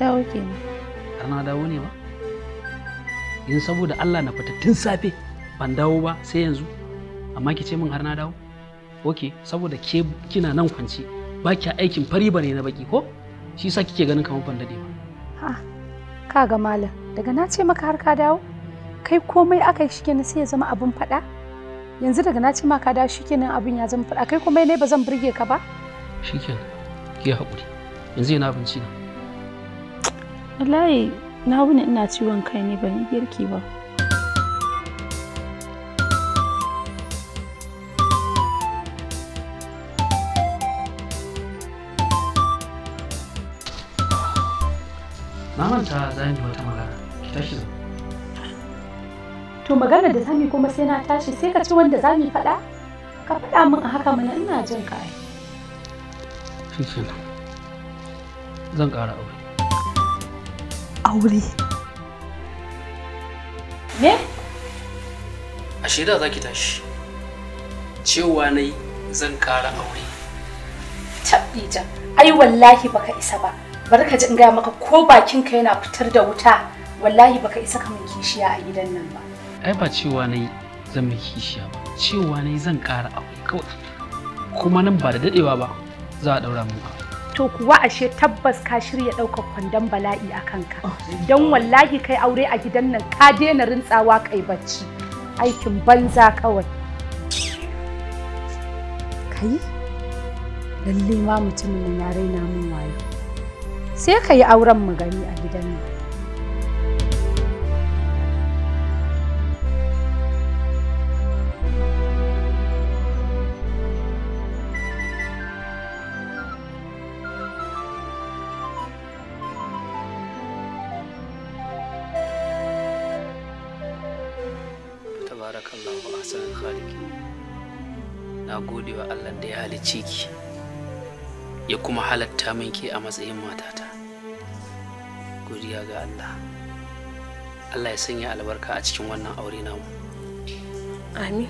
dawo kenan har na dawo ne ba in saboda Allah na fita tun safe ban dawo ba sai yanzu amma ki ce min har na dawo ok saboda ke kina nan kwance ba ki aikin fari ba ne na baki ko shi sa kike ganin kamar ban dade ba ha ka ga malam daga na ce maka har ka dawo kai komai aka yi shikenan sai ya zama abin fada yanzu daga na ce maka dawo shikenan abin ya zama fada kai komai ne ba zan burge ka ba shikenan ki hakuri yanzu yana abinci na wallahi na wuni ina ciwon kai ne ban yi girki ba manta za wata magana ki tashi to magana da zami kuma sai na tashi sai ka ci wanda zami faɗa ka faɗa min a haka mana ina jin ka shi shi zan ƙara aure aure. Me? Ashe da za ki tashi. Cewa na zan kara aure. Tabbija, ai wallahi baka isa ba. Bari ka ji in gaya maka ko bakinka yana fitar da wuta. Wallahi baka isa ka min kishiya a gidan nan ba. Ai ba cewa na zan min kishiya ba. Cewa na zan kara aure kawai. Kuma nan ba da dadewa ba za a daura mu ba. to kuwa ashe tabbas ka shirya ɗaukar kwandon bala'i a kanka oh, don wallahi kai aure a gidan nan ka daina rintsawa kai bacci aikin banza kawai kai lalle ma mutumin ya raina mun wayo sai ka auren mu gani a gidan nan halicce ki ya kuma halatta min ke a matsayin matata godiya ga Allah Allah ya sanya albarka a cikin wannan aure namu amin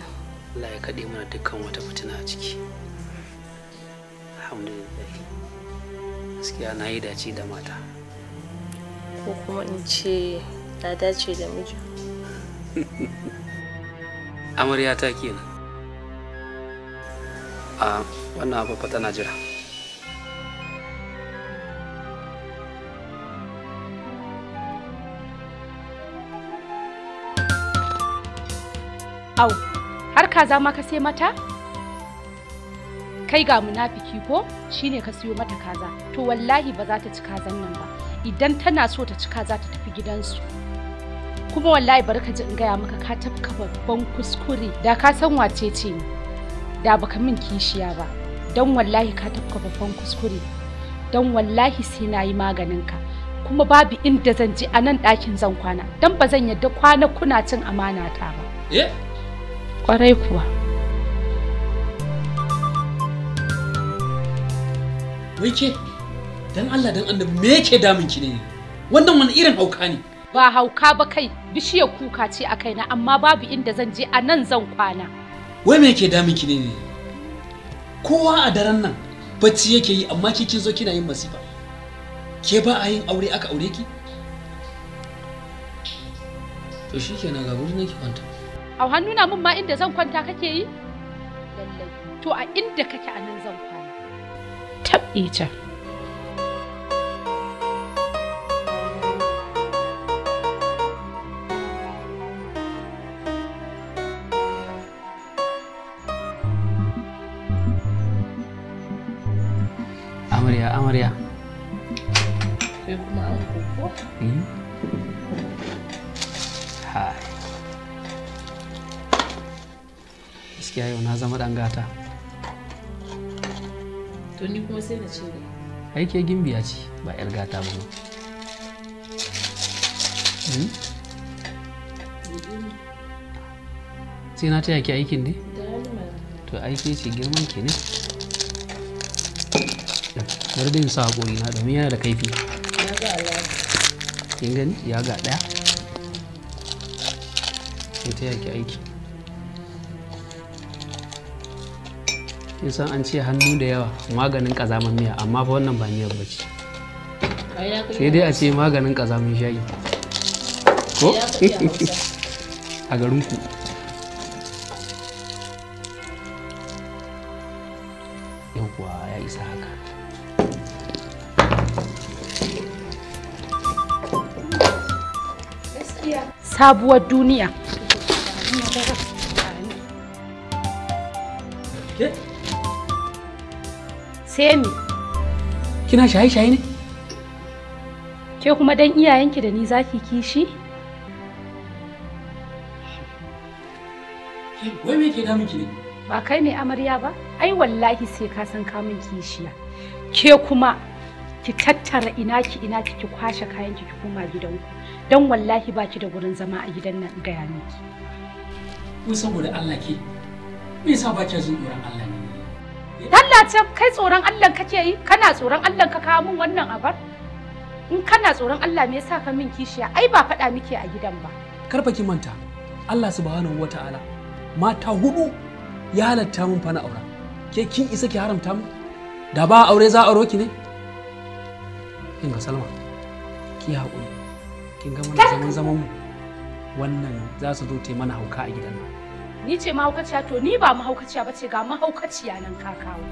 Allah ya kaɗe mana dukkan wata fitina a ciki alhamdulillah gaskiya na yi dace da mata ko kuma in ce na dace da miji amarya ta kenan a wannan abu fa tana jira Au, har kaza ma ka sai mata? Kai ga munafiki ko shine ka siyo mata kaza. To wallahi ba za ta ci kazan nan ba. Idan tana so ta ci kaza ta tafi gidansu. Kuma wallahi bari ka ji in gaya maka ka tafka babban kuskure da ka san wace ce ni. da baka min kishiya ba don wallahi ka tafka babban kuskure don wallahi sai na yi maganinka kuma babu inda zan ji a nan ɗakin zan kwana don ba zan yadda kwana kuna cin amana ta ba. Kwarai eh? kuwa. Wai ke, don Allah don annabi me yake damun ki ne? Wannan wani irin hauka ne? Ba hauka ba kai, bishiyar kuka ce a kaina amma babu inda zan je a nan zan kwana. wai me yake damun ki ne ne kowa a daren nan bacci yake yi amma ki kin zo kina yin masifa ke ba a yin aure aka aure ki to shi ke na gaburu ne ki kwanta a hannu na mun ma inda zan kwanta kake yi to a inda kake a nan zan kwana tabbe ɗan gata to ni kuma sai na ce ai ke gimbiya ce ba 'yar gata ba ne hmm? sai na taya ki aikin ne to aike ce girman ke ne bari da sa haƙori na domin yana da kaifi kin gani ya ga ɗaya sai taya ki aiki san an ce hannu da yawa maganin kazaman miya amma fa wannan ba miyar ba ce sai dai a ce maganin kazaman shayi ko a garinku yawwa ya isa haka sabuwar duniya zalunce kina shaye-shaye ne ke kuma dan iyayenki da ni zaki kishi wai me ke damun ki ne ba kai ne amarya ba ai wallahi sai ka san kamun kishiya ke kuma ki tattara ina ki ina ki ki kwashe kayan ki ki koma gidanku dan wallahi baki da gurin zama a gidan nan ga ya ko saboda Allah ke me yasa ba ki jin tsoron Allah ne Allah ce kai tsoron Allah kake yi kana tsoron Allah ka kawo min wannan abar in kana tsoron Allah me yasa ka min kishiya ai ba faɗa muke a gidan ba karfa ki manta Allah subhanahu wataala mata hudu ya halatta mun fa na aura ke kin isa ki haramta mu da ba aure za a ki ne kin ga Salma ki haƙuri kin ga mun zaman zaman mu wannan za su zo mana hauka a gidan nan ni ce mahaukaciya to ni ba mahaukaciya ba ce ga mahaukaciya nan ka kawo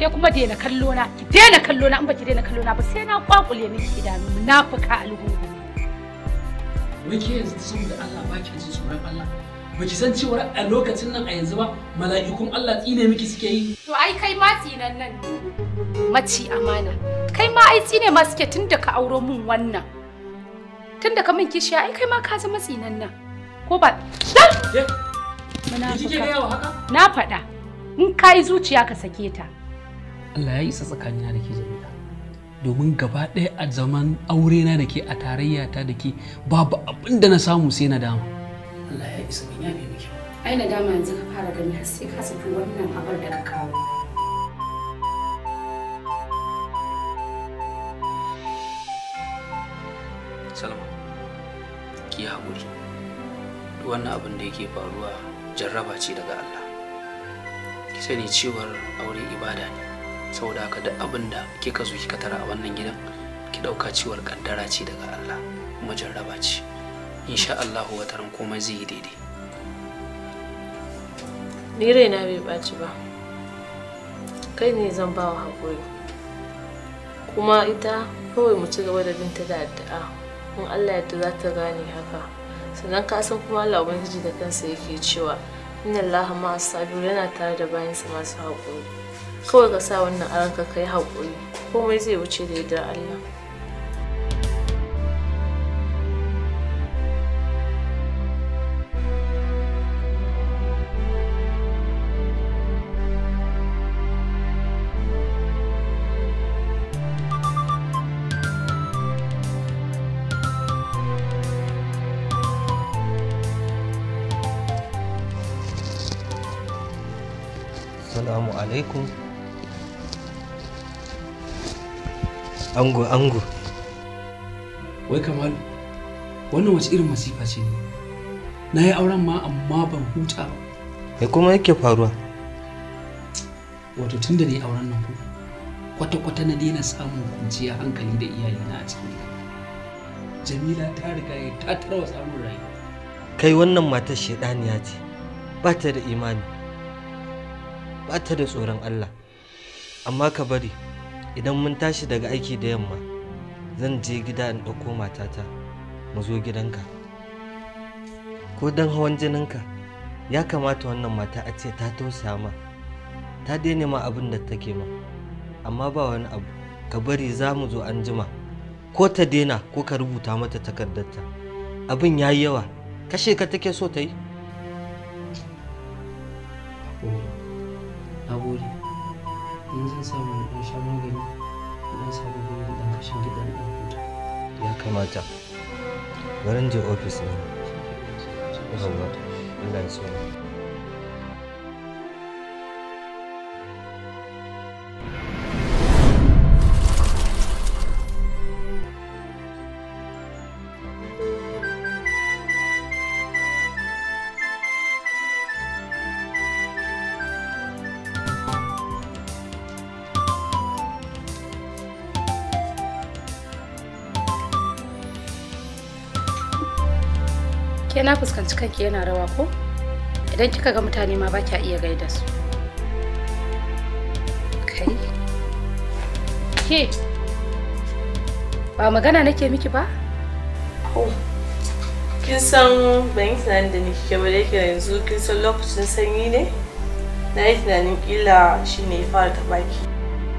ke kuma daina kallo na ki daina kallo na in baki daina kallo na ba sai na kwakule miki idanu munafuka alhuhu wai ke yanzu saboda Allah ba ki jin tsoron Allah ba ki san cewa a lokacin nan a yanzu ba mala'ikun Allah tsine miki suke yi to ai kai ma tsinan nan maci amana kai ma ai tsine ma suke tunda ka auro mun wannan tunda ka min kishiya ai kai ma ka zama tsinan nan ko ba dan Na faɗa. In ka yi zuciya ka sake ta. Allah ya isa tsakanina da ke jamila. Domin gaba ɗaya a zaman aure na da ke a tarayya ta da ke babu abin da na samu sai na dama. Allah ya isa ya bi miki. Ai na dama yanzu ka fara gani har sai ka saki wannan abar da ka kawo. Salma, ki haƙuri. Wannan abin da yake faruwa jarraba ce daga Allah ki sani cewar aure ibada ne saboda haka da abin da kika zo kika tara a wannan gidan ki ɗauka cewar ƙaddara ce daga Allah kuma jarraba ce insha Allah wataran komai zai yi daidai ni raina bai ɓaci ba kai ne zan ba wa haƙuri kuma ita kawai mu ci gaba da binta da addu'a in Allah yadda za ta gane haka sannan ka san kuma Allah ubangiji da kansa yake cewa inna Allah ma sabu yana tare da bayansa masu haƙuri kawai ka sa wannan aranka kai haƙuri komai zai wuce da yadda Allah alaikum ango ango wai kamalu wannan wace irin masifa ce ne na yi auren ma amma ban huta ba me kuma yake faruwa wato tun da ni auren nan ko kwata-kwata na daina samun kwanciya hankali da iyalina a cikin gida jamila ta riga ya ta tarwa samun rayuwa kai wannan matar shaidaniya ce ba ta da imani ba ta da tsoron Allah amma ka bari idan mun tashi daga aiki da yamma zan je gida in ɗauko matata mu zo gidanka ko dan hawan jininka ya kamata wannan mata a ce ta tausaya ma ta daina ma abin da take ma amma ba wani abu ka bari za mu zo an jima ko ta daina ko ka rubuta mata takardarta abin ya yi yawa kashe ka take so ta yi kamata garin je ofis ne Allah cikanki yana rawa ko idan kika ga mutane ma ba kya iya gaida su kai ke ba magana nake miki ba kin san ban san tunanin da nake ke bare ki yanzu kin san lokacin sanyi ne na yi tunanin kila shi ne ya fara taɓa ki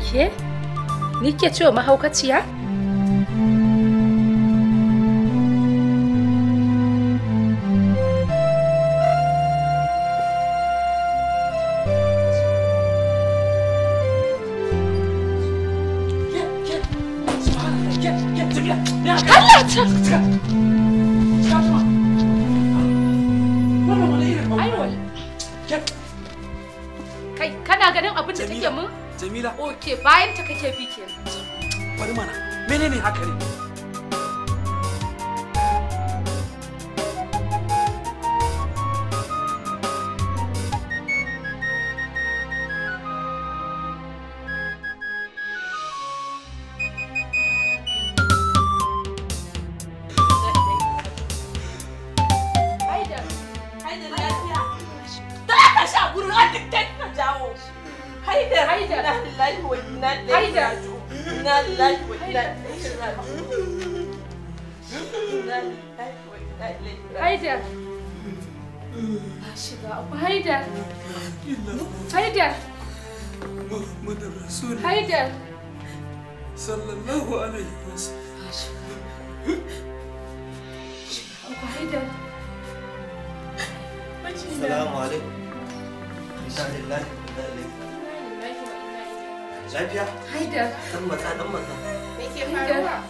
ke ni ke cewa mahaukaciya sallallahu alaihi wasallam salamu alaikum lafiya dan matsa dan matsa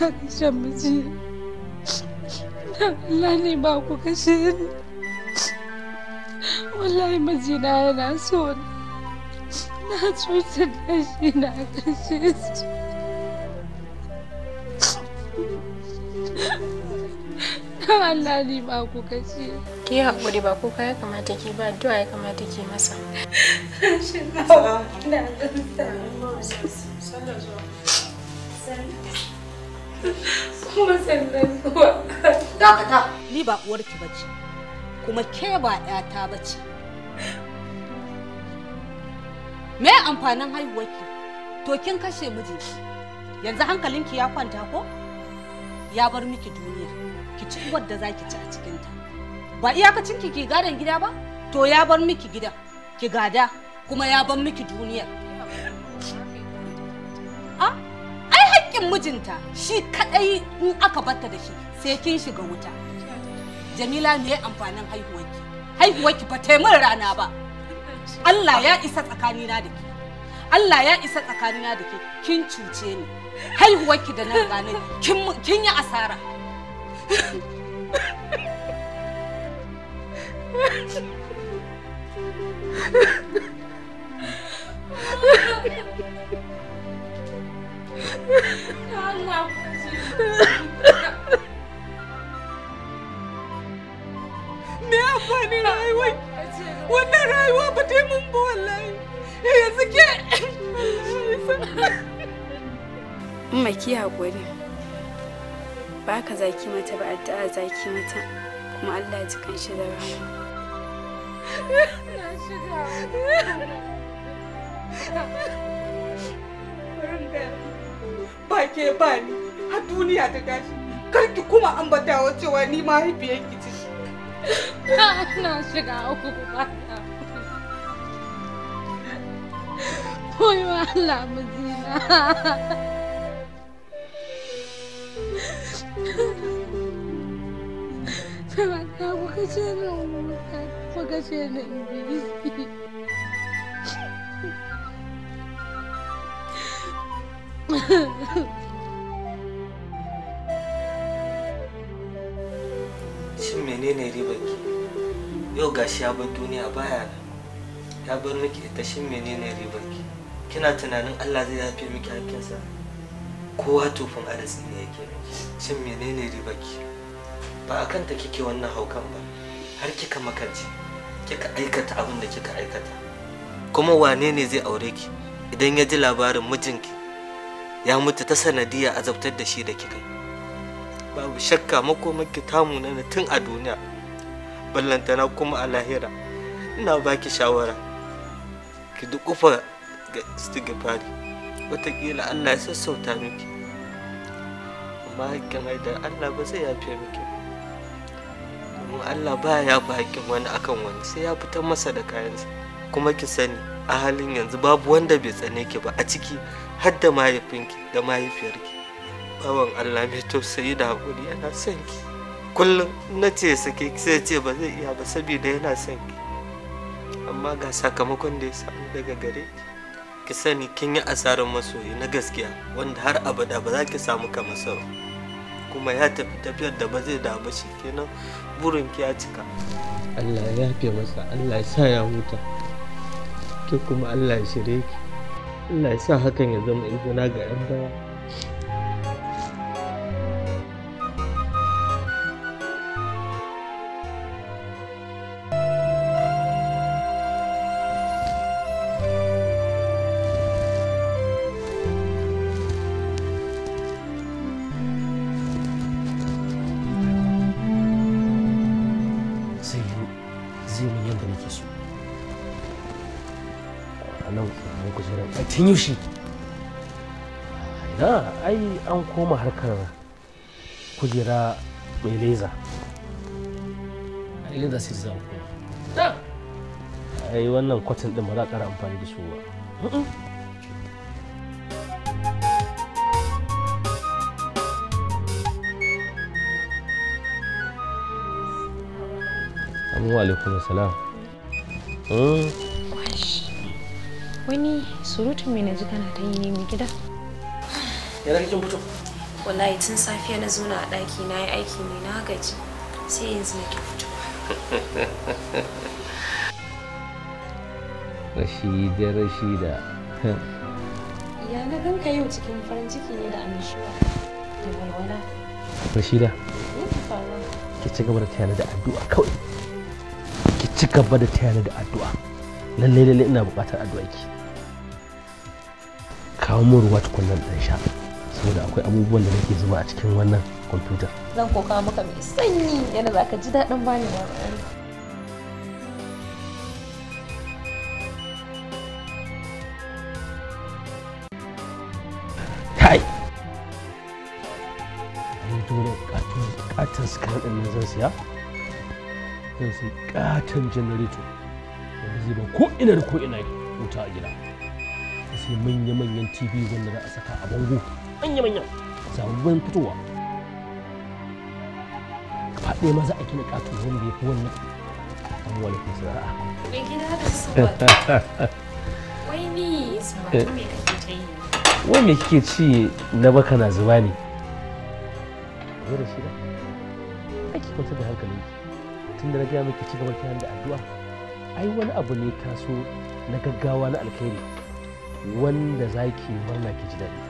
na kashe miji na ne ba ku kashe ni wallahi mijina yana so na cutar da shi na kashe shi don Allah ne ba ku kashe ki haƙuri ba kuka ya kamata ki ba addu'a ya kamata ki masa na sa kuma sannan kuma dakata ni ba uwarki bace kuma ke ba yata bace me amfanin haihuwarki to kin kashe mijinki yanzu hankalinki ya kwanta ko ya bar miki duniya ki ci uwar da zaki ci a cikinta ba iyakacinki ki gadon gida ba to ya bar miki gida ki gada kuma ya bar miki duniyar haƙƙin mijinta shi kaɗai in aka batta da shi sai kin shiga wuta jamila me amfanin haihuwarki haihuwarki ba ta min rana ba Allah ya isa tsakanina da ke Allah ya isa tsakanina da ke kin cuce ni haihuwarki da nan gane kin yi asara Ha ha ha! Me amfani rayuwai? Wannan rayuwa ba ta mun ba wallahi. Yanzu ke. Amma ki haƙuri. Ba ka zaki mata ba addu'a zaki mata kuma Allah ya ji kanshi da rahama. Na ba ke ba ni har duniya ta tashi kar ki kuma ambatawa cewa ni mahaifiyar ki ci shi na shiga uku ba Koyo Allah mazina. Sai ba ka kuka ce ni kuka ce ni biyu. shin menene ribar ki yau gashi ya bar duniya baya nan ya bar miki ita shin menene ribar ki kina tunanin Allah zai yafe miki hakkinsa kowa tufin arziki ne yake miki shin menene ribar ki ba a kanta kike wannan haukan ba har kika makarci kika aikata abin da kika aikata kuma wane ne zai aure ki idan ya ji labarin mijinki ya mutu ta sanadiyar azabtar da shi da kika babu shakka makomanki tamu na tun a duniya ballantana kuma a lahira ina baki shawara ki duk kufa ga istighfari Wataƙila Allah ya sassauta miki amma hakkin haida Allah ba zai yafe miki domin Allah ba ya ba hakkin wani akan wani sai ya fitar masa da kayansa kuma ki sani a halin yanzu babu wanda bai tsane ki ba a ciki har da mahaifinki da mahaifiyarki bawan Allah mai tausayi da haƙuri yana son ki kullum na ce sake sai ce ba zai iya ba saboda yana son ki amma ga sakamakon da ya samu daga gare ki ki sani kin yi asarar masoyi na gaskiya wanda har abada ba za ki samu ka masau kuma ya tafi tafiyar da ba zai damu shi kenan burin ki ya cika Allah ya fi masa Allah ya sa ya huta ki kuma Allah ya shirye ki Allah ya sa hakan ya zama izina ga 'yan baya tun yaushe na ai an koma harkar kujera mai leza a leza sai ai wannan kwatin din ba amfani da su ba Assalamu salam. wani surutun mai naji kana ta yi ne mai gida yana kin fito wallahi tun safiya na zauna a ɗaki na yi aiki ne na gaji sai yanzu na ke fito rashida rashida ya na ganka yau cikin farin ciki ne da annashuwa da walwala rashida ki ci gaba da tayana da addu'a kawai ki ci gaba da tayana da addu'a lallai lallai ina buƙatar addu'a ki kawo min ruwa tukunnan ɗan sha saboda akwai abubuwan da nake zuba a cikin wannan kwamfutar zan koka maka mai sanyi yana za ka ji daɗin bani labarai kai ni dole katon katon skar din nan zan siya zan sai katon janareto wanda zai ba ko ina da ko ina wuta a gida sai manya-manyan tv wanda za a saka a bango manya-manyan sababbin fitowa faɗe maza a kina ƙato wanda ya fi wannan an wani kun sara'a mai gida da su wai ni su eh. me kake ta yi wai me kike ci na baka na zuba ne yau da shi da ake kwanta da hankali tun da na gaya miki ci gaba kiran da addu'a ai wani abu ne ka so na gaggawa na alkhairi wanda za ki murna ki ji daɗi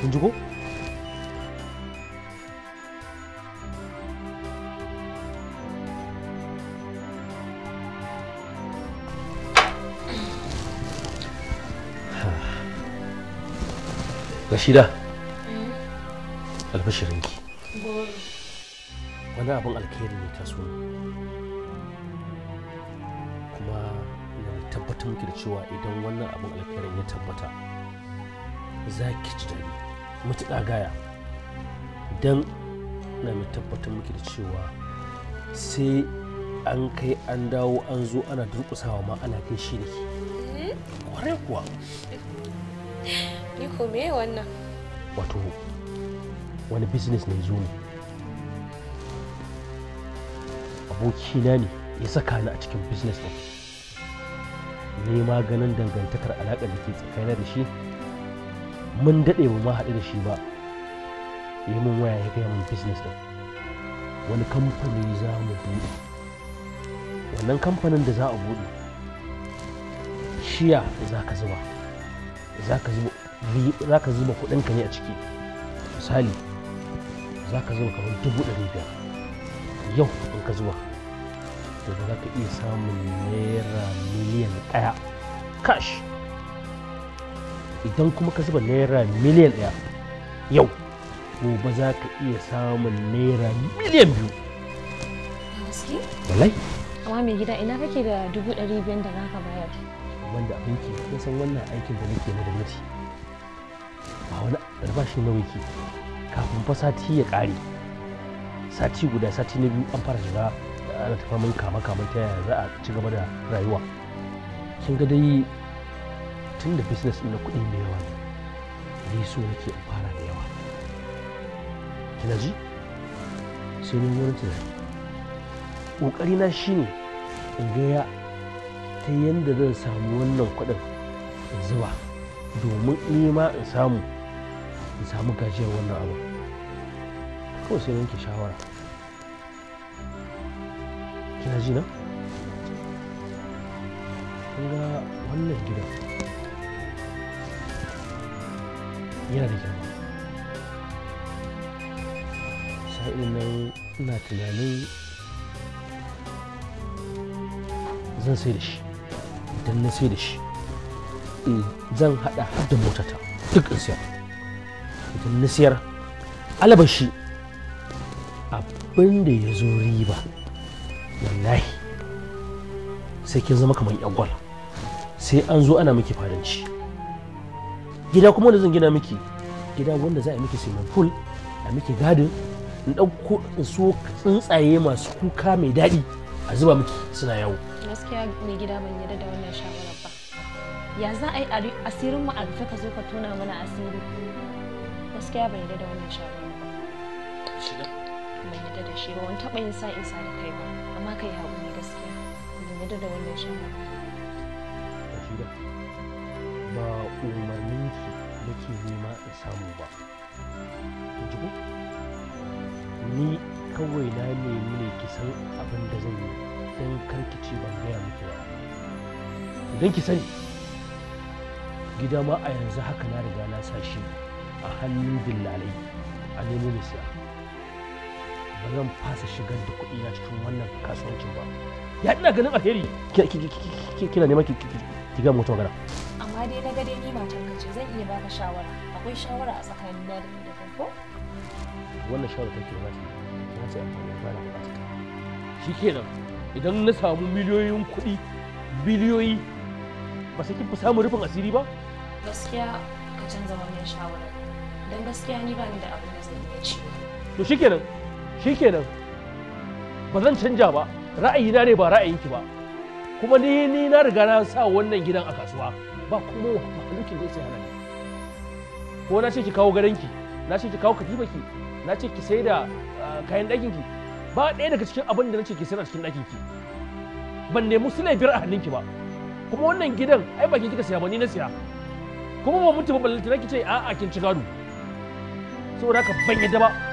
kun ji ko Rashida eh? albashirinki wani abin alkhairi ne suna tabbatar miki da cewa idan wannan abin alkhairin ya tabbata za ki ji daɗi matuƙa gaya don na mai tabbatar muke da cewa sai an kai an dawo an zo ana durƙusawa ma ana kai shi da ke hmm? kware kuwa ko me wannan wato wani business ne zo ne abokina ne ya saka ni a cikin business ne ne maganin dangantakar alaƙar da ke tsakanin da shi mun daɗe ba ma haɗu da shi ba yi mun waya ya gaya min business ɗin wani kamfani za mu buɗe wannan kamfanin da za a buɗe shiya za ka zuba za ka zuba kuɗinka ne a ciki misali za ka zuba kamar dubu ɗari biyar yau in ka zuba yanzu za ka iya samun naira miliyan ɗaya cash idan kuma ka zuba naira miliyan ɗaya yau gobe za ka iya samun naira miliyan biyu walai amma mai gida ina kake da dubu ɗari biyan da za bayar wanda abinci ke kun san wannan aikin da nake na gwamnati ba wani albashi na yake kafin fa sati ya ƙare sati guda sati na biyu an fara shiga ana ta faman kama kaman ta yaya za a ci gaba da rayuwa kin ga dai tun da business na kuɗi mai yawa ni so nake in fara da yawa kina ji sai ni wurin tunani ƙoƙari na shine in gaya ta yadda zan samu wannan kuɗin in zuba domin nema in samu in samu gajiyar wannan abu kawai sai yanke shawara kina ji na kun ga wannan gidan yana da girma sa'in nan ina tunanin zan sai da shi idan na sai da shi mm. zan hada da motata duk in siyar idan na siyar alabashi abin da ya zo riba wallahi sai kin zama kamar yagwal sai an zo ana miki faranci gida kuma wanda zan gina miki gida wanda za a miki swimming pool a miki garden in ɗauko in so tsuntsaye masu kuka mai daɗi a zuba miki suna yawo gaskiya mai gida ban yarda da wannan shawarar ba ya za a yi asirin mu a ka zo ka tona mana asiri gaskiya ban yarda da wannan shawarar ban yadda da shi ba wani taɓa yin sa in sa da kai ba amma kai haƙuri gaskiya ban yadda da wannan ba. Rashida ba umarnin ki nake nema in samu ba ni kawai na nemi ne ki san abin da zan yi dan kar ki ce ban gaya miki ba idan ki sani gida ma a yanzu haka na riga na sa a hannun dillalai a nemo mai siya ba zan fasa shigar da kuɗi na cikin wannan kasuwancin ba ya ina ganin alheri kina neman ki ga mutum magana amma dai na ga dai ni matar ka ce zan iya baka shawara akwai shawara a tsakanin na da kai ko wannan shawara take ba ta ba ta amfani ba na ba ta shi kenan idan na samu miliyoyin kuɗi biliyoyi ba sai kin fi samun rufin asiri ba gaskiya ka canza wannan shawara don gaskiya ni ba ni da abin da zan iya ci to shikenan shikenan ba zan canja ba ra'ayina ne ba ra'ayinki ba kuma ni ni na riga na sa wannan gidan a kasuwa ba kuma mahalukin da ya sai hana ko na ce ki kawo garanki na ce ki kawo katifarki na ce ki sai da ah, kayan ɗakinki ba ɗaya daga cikin abin da na ce ki sayar a cikin ɗakinki ban nemi su laifiyar a hannunki ba kuma wannan gidan ai ba ki kika siya ba ni na siya kuma ba mutu ba ballantana ki ce a'a kin ci gado saboda haka ban yadda ba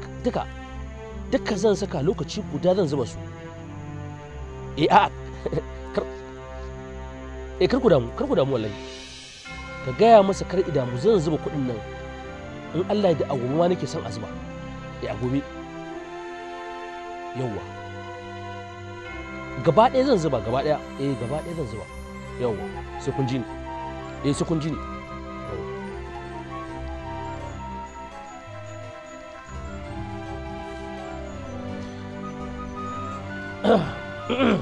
duka duka zan saka lokaci guda zan zuba su eh a eh kar ku damu kar ku damu wallahi ka gaya masa kar idamu zan zuba kuɗin nan in Allah ya da agomawa nake son a zuba eh, a gobe yawwa gaba ɗaya zan zuba gaba ɗaya eh gaba ɗaya zan zuba yawwa sai kun ji ni eh sai kun ji ni Akwai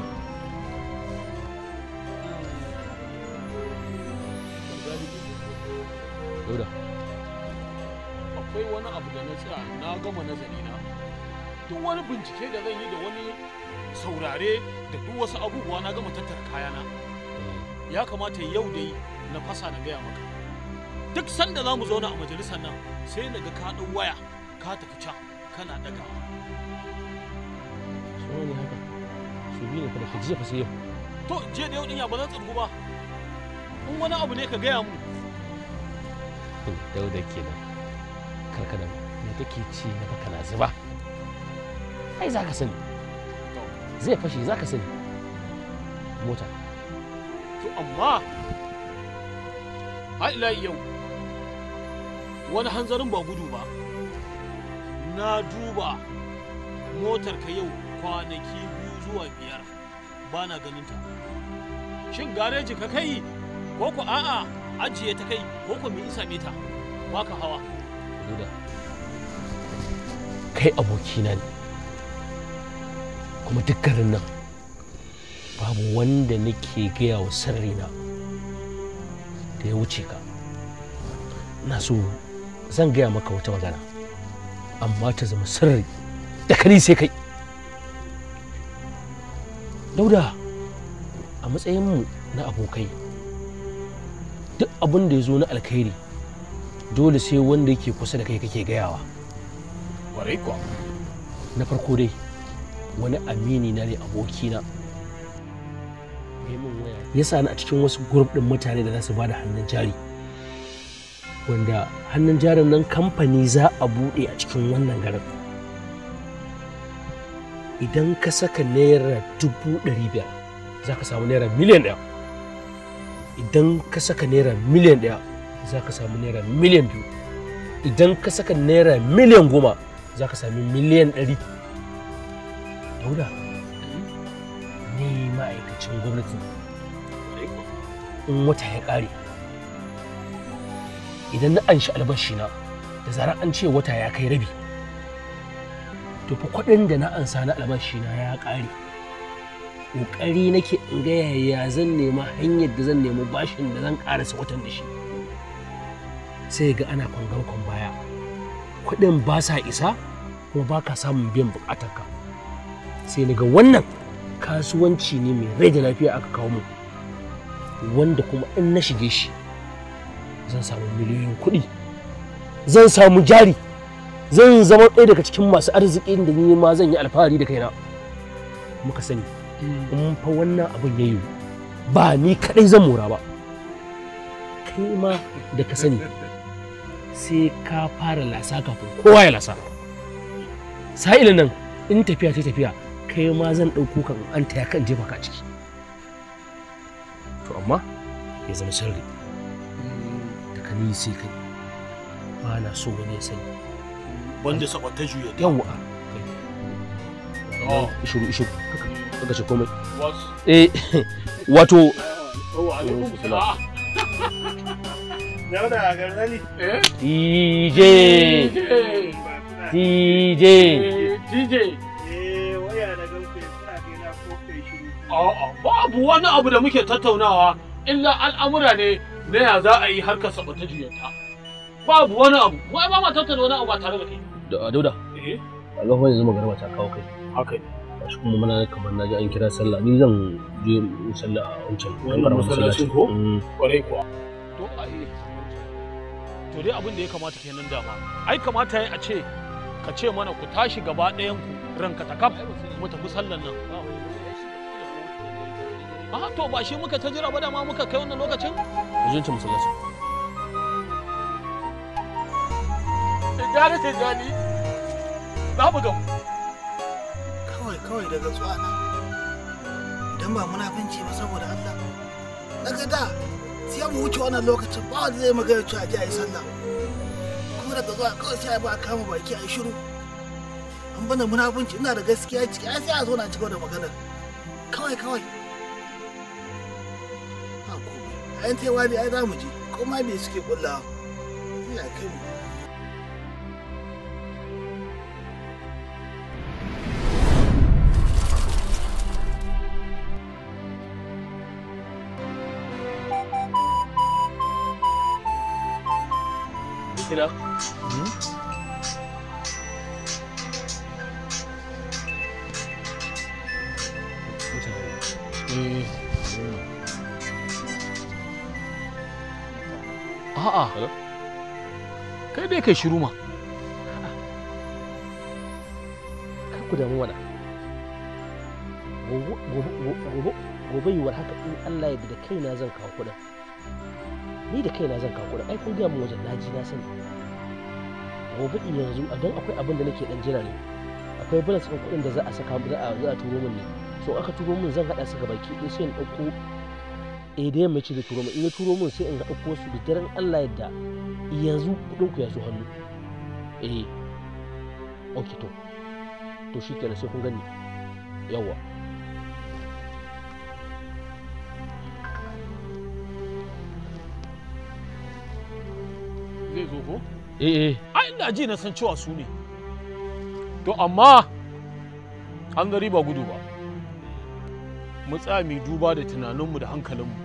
wani abu da na tsira na gama nazari na. Duk wani bincike da zan yi da wani saurare da duk wasu abubuwa na gama tattara kayana. Eh. Ya kamata yau da yi na fasa na gaya maka. Duk sanda za mu zauna a majalisar nan sai na ga waya ka tafi can kana ɗagawa. haka. biyu ne fa da ke jiya fa sai yau to jiya da yau din ya ba zan tsirgu ba in wani abu ne ka gaya mu dauda kenan karkada me take ci na baka na zuba ai za ka sani zai fashe za ka sani mota to amma har ila yau wani hanzarin ba gudu ba na duba motar ka yau kwanaki zuwa biyar ba na ganin ta shin gareji ka kai ko ku a'a ajiye ta kai ko ku mi isa ta ba ka hawa duda kai abokina ne kuma dukkanin nan babu wanda nake gaya wa sirrina da ya wuce ka na so zan gaya maka wata magana amma ta zama sirri da kani sai kai dauda a matsayin mu na abokai duk abin da ya zo na alkhairi dole sai wanda yake kusa da kai kake gayawa na farko dai wani amini na ne abokina ya sa ni a cikin wasu guruf ɗin mutane da za su bada hannun jari wanda hannun jarin nan kamfani za a buɗe a cikin wannan garin idan ka saka naira dubu ɗari biyar za ka samu naira miliyan ɗaya idan ka saka naira miliyan ɗaya za ka samu naira miliyan biyu idan ka saka naira miliyan goma za ka sami miliyan ɗari dauda ne ma'aikacin gwamnati in wata ya ƙare idan na anshi albashina da zarar an ce wata ya kai rabi to fa kuɗin da na ansa na albashi na ya ƙare ƙoƙari nake in yaya zan nema hanyar da zan nemi bashin da zan ƙarasa watan da shi sai ga ana fangarkon baya kuɗin ba sa isa kuma ba ka samun biyan buƙatarka sai na wannan kasuwanci ne mai rai da lafiya aka kawo mu wanda kuma in na shige shi zan samu miliyoyin kuɗi zan samu jari zan zama ɗaya daga cikin masu arziki da ni ma zan yi alfahari da kaina muka sani in hmm. fa wannan abin ya yiwu ba ni kaɗai zan mora ba kai ma da ka sani sai ka fara lasa kafin kowa ya lasa sa'ilin nan in tafiya ta tafiya kai ma zan ɗauko kan an taya kan jefa ka ciki to amma ya zama sirri hmm. da ka sai kai ba na so wani ya sani wanda sakwata juya yawa ishuru oh. ishuru kaka ce komai eh wato eh, eh? DJ DJ eh, babu wani abu da muke tattaunawa illa al'amura ne na ya za a yi harkar saɓa ta babu wani abu wai ba ma tattauna wani abu ba tare da kai da dauda eh Allah yanzu magarba ta kawo kai haka ne gashi kuma mana kamar na ji an kira sallah ni zan je sallah a wancan wannan masallacin ko mm. kwarai kuwa to ai to dai abin da ya kamata kenan dama ai kamata ya a ce ka ce mana ku tashi gaba ɗayan ku ranka ta kaf mu tafi sallan nan a ah, to ba shi muka ta jira ba dama muka kai wannan lokacin mu ta masallacin tijjani tijjani za mu gamu kawai kawai daga zuwa na Don ba munafanci ba saboda Allah daga da sai mu wuce wannan lokacin ba wanda zai magana cewa ji a yi sallah kuma daga zuwa kawai sai ba a kama baki a yi shiru an bana munafunci ina da gaskiya ciki ai sai a zo na ci da maganar kawai kawai a komai ayan taiwa ne ai za mu je kuma me suke kullawa Allah kai mu Hmm? A'a. Kai dai kai shiru ma. Kar ku damu wani. Gobe yiwuwar haka in Allah ya da kaina zan kawo kuɗin. Ni da kaina zan kawo kuɗin. Ai kun gaya min wajen naji na sani. gobe yanzu a don akwai abin da nake dan jira ne akwai bala ɗin kuɗin da za a saka za a turo min ne so aka turo min zan haɗa su ga baki in sai in ɗauko eh da yamma ce da turo min in ya turo min sai in haɗa ɗauko su da daren Allah yadda yanzu kuɗin ku ya zo hannu eh ok to to shi kenan sai kun gani yawa zai zo ko eh eh inda ji na san cewa su ne to amma an gari ba gudu ba mu tsaya mai duba da tunaninmu da hankalinmu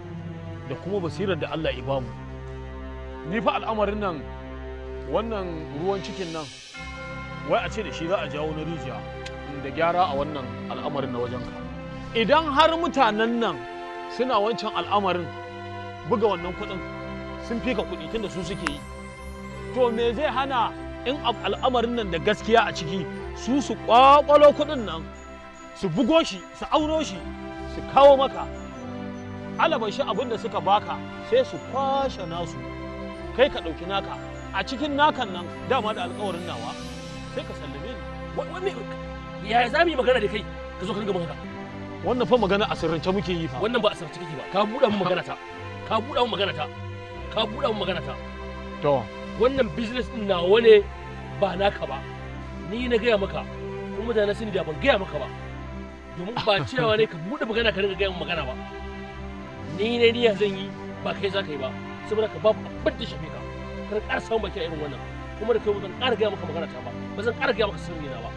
da kuma basirar da Allah ya bamu ni fa al'amarin nan wannan ruwan cikin nan wai a ce da shi za a jawo na rijiya da gyara a wannan al'amarin na wajen ka. idan har mutanen nan suna wancan al'amarin buga wannan kudin, sun fika kuɗi tun da su suke yi to me zai hana in al'amarin nan da gaskiya a ciki su su kwakwalo kuɗin nan su bugo shi su auro shi su kawo maka alaban shi abin da suka baka sai su kwashe nasu kai ka ɗauki naka a cikin nakan nan dama da alkawarin nawa sai ka sallame ni wani ya za mu yi magana da kai ka zo ka riga magana wannan fa magana a sirrance muke yi fa wannan ba a sirrance kake ba ka buɗa mu magana ta ka buɗa mu magana ta ka buɗa mu magana ta to wannan business din nawa ne ba naka ba ni na gaya maka kuma na sani da ban gaya maka ba domin ba cewa ne ka buɗe magana ka rinka gaya magana ba ni ne niyya zan yi ba kai za ka yi ba saboda ka babu abin da shafe ka kar ƙara samun baki a irin wannan kuma da kai ba zan ƙara gaya maka magana ta ba ba zan ƙara gaya maka sirri na ba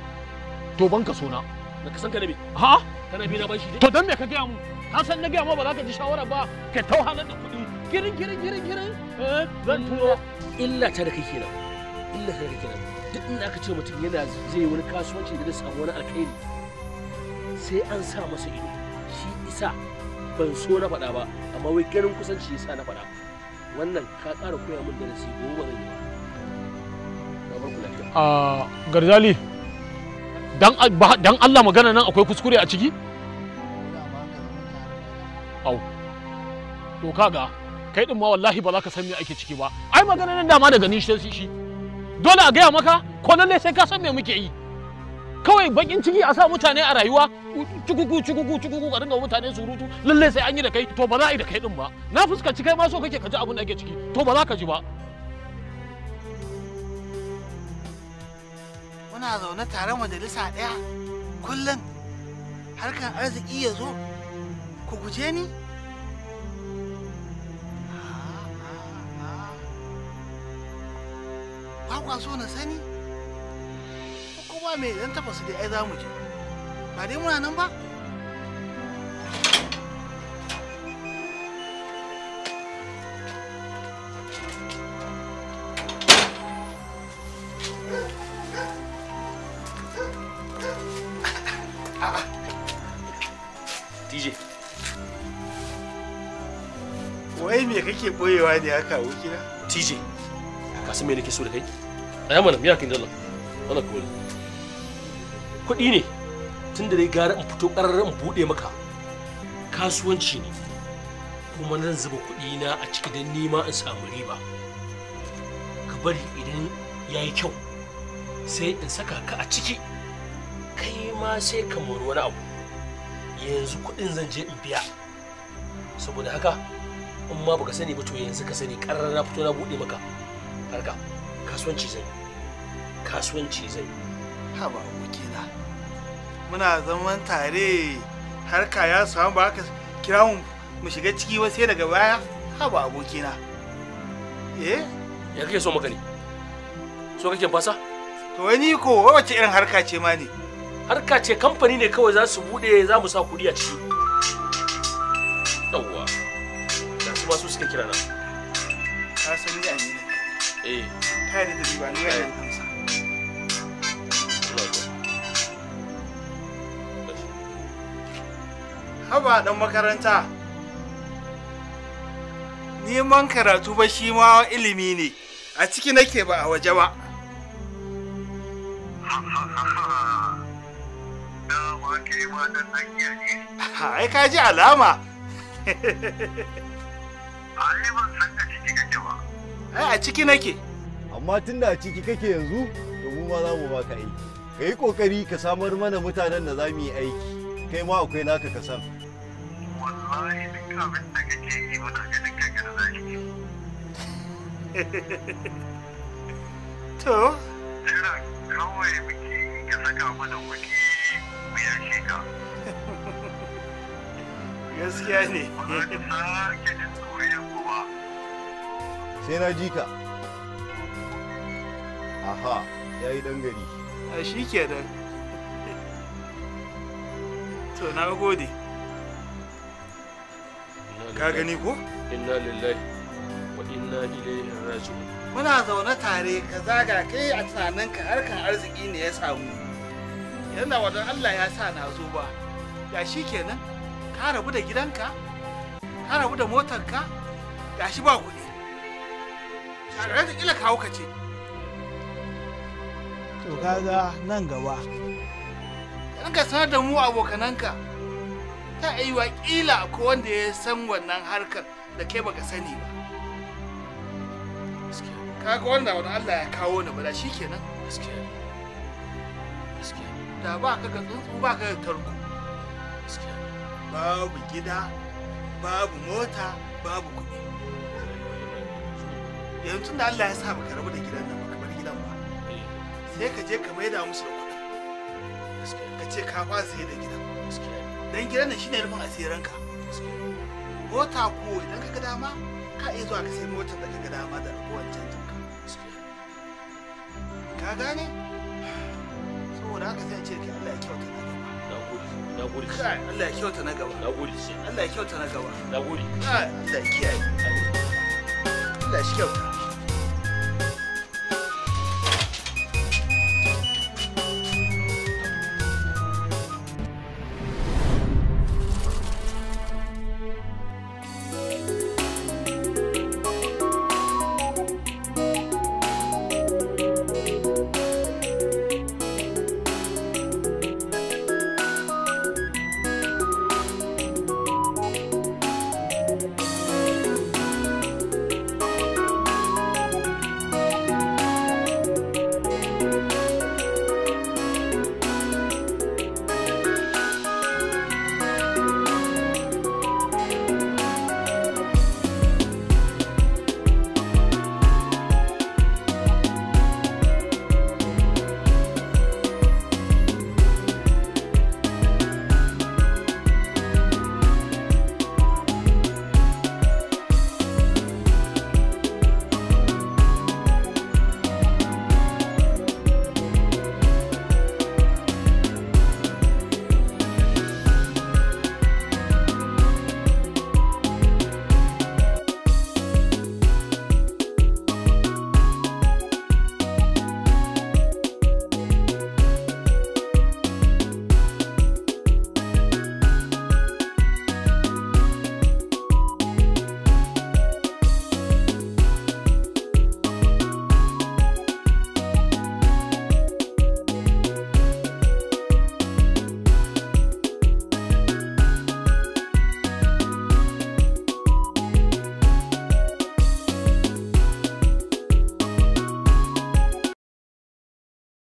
to ban ka sona na ka san ka nabi ha ka nabi na ban shi to dan me ka gaya mu ka san na gaya mu ba za ka ji shawara ba ka tauhanar da kuɗin girin girin girin girin eh, zan turo illa ta da kai kenan illa ta da kai kenan duk inda aka ce mutum yana zai yi wani kasuwanci da zai samu wani alkhairi sai an sa masa ido shi isa ban so na faɗa ba amma wai ganin kusanci yasa na faɗa wannan ka ƙara koya min darasi gobe zan yi ah, a garzali dan Allah magana nan akwai kuskure a ciki? au to kaga kai din ma wallahi ba za ka san me ake ciki ba ai magana nan dama daga ni sai shi dole a gaya maka ko nan sai ka san me muke yi kawai bakin ciki a sa mutane a rayuwa cukuku cukuku cukuku ka dinga mutane surutu lalle sai an yi da kai to ba za a yi da kai din ba na fuskanci kai ma so kake ka ji abin da ake ciki to ba za ka ji ba muna zaune tare majalisa daya kullum harkar arziki ya zo ku guje ni ba so na sani kuma me idan tafasa dai ai za je ba dai muna nan ba wai me kake ne masu me nake so da kai tsaya mana miya kuɗi ne tunda dai gara in fito ƙararren buɗe maka kasuwanci ne kuma nan zuba kuɗi na a ciki don nema in samu riba ka bari idan ya yi kyau sai in saka ka a ciki kai ma sai ka mori wani abu yanzu kuɗin zan je in biya saboda haka in ma baka sani ba to yanzu ka sani na fito na buɗe maka harka kasuwanci zai kasuwanci zai haba abokina muna zaman tare harka ya samu ba kira mu mu shiga ciki ba sai daga baya haba abokina eh ya kake so makani? ne so kake fasa to wani ko wace irin harka ce ma ne harka ce kamfani ne kawai za su bude za mu sa kuɗi a ciki yawwa ga su ma su suka kira na ka san ni amina Eh. ta ba makaranta neman karatu ba shi ma ilimi ne a ciki nake ba a waje ba ai ka ji alama ai ban san da ai a ciki nake amma tunda a ciki kake yanzu to mu ma za mu baka aiki ka yi kokari ka samar mana mutanen da za mu yi aiki kai ma akwai naka ka san wallahi duk abin da kake yi muna ganin kanka da to jira kawai muke ka saka mana kuɗi mu yashe ka gaskiya ne ba za ka jin tsoron kuma sai na ji ka aha ya yi ɗan gari a shi kenan to na gode ka gani ko inna lillahi wa inna ilaihi raji'un muna zaune tare ka zaga kai a tunaninka harkan arziki ne ya samu yana wadan Allah ya sa na zo ba ya shi kenan ka rabu da gidanka ka rabu da motarka ya shi ba kuɗi tare da kila kawo ka ce to kaga nan gaba kan ka sanar da mu abokananka ta yi wa kila ko wanda ya san wannan harkar da ke baka sani ba kaga wanda wani Allah ya kawo ni bala shi gaskiya gaskiya da ba ka ga tsuntsu ba ka ga tarko babu gida babu mota babu kuɗi yanzu da Allah ya sa baka rabu da gidan nan kamar gidan ba sai ka je ka da musu da ka ce ka ba sai da gidan dan gidan nan shine rufin ka, mota ko idan ka ga dama ka iya zuwa ka sai motar da ka ga dama da ragowar canjin ka ka gane saboda haka sai ce ka Allah ya kyauta na gaba na Allah ya kyauta na gaba na Allah ya kyauta na gaba na gode Allah ya kiyaye Allah shi kyauta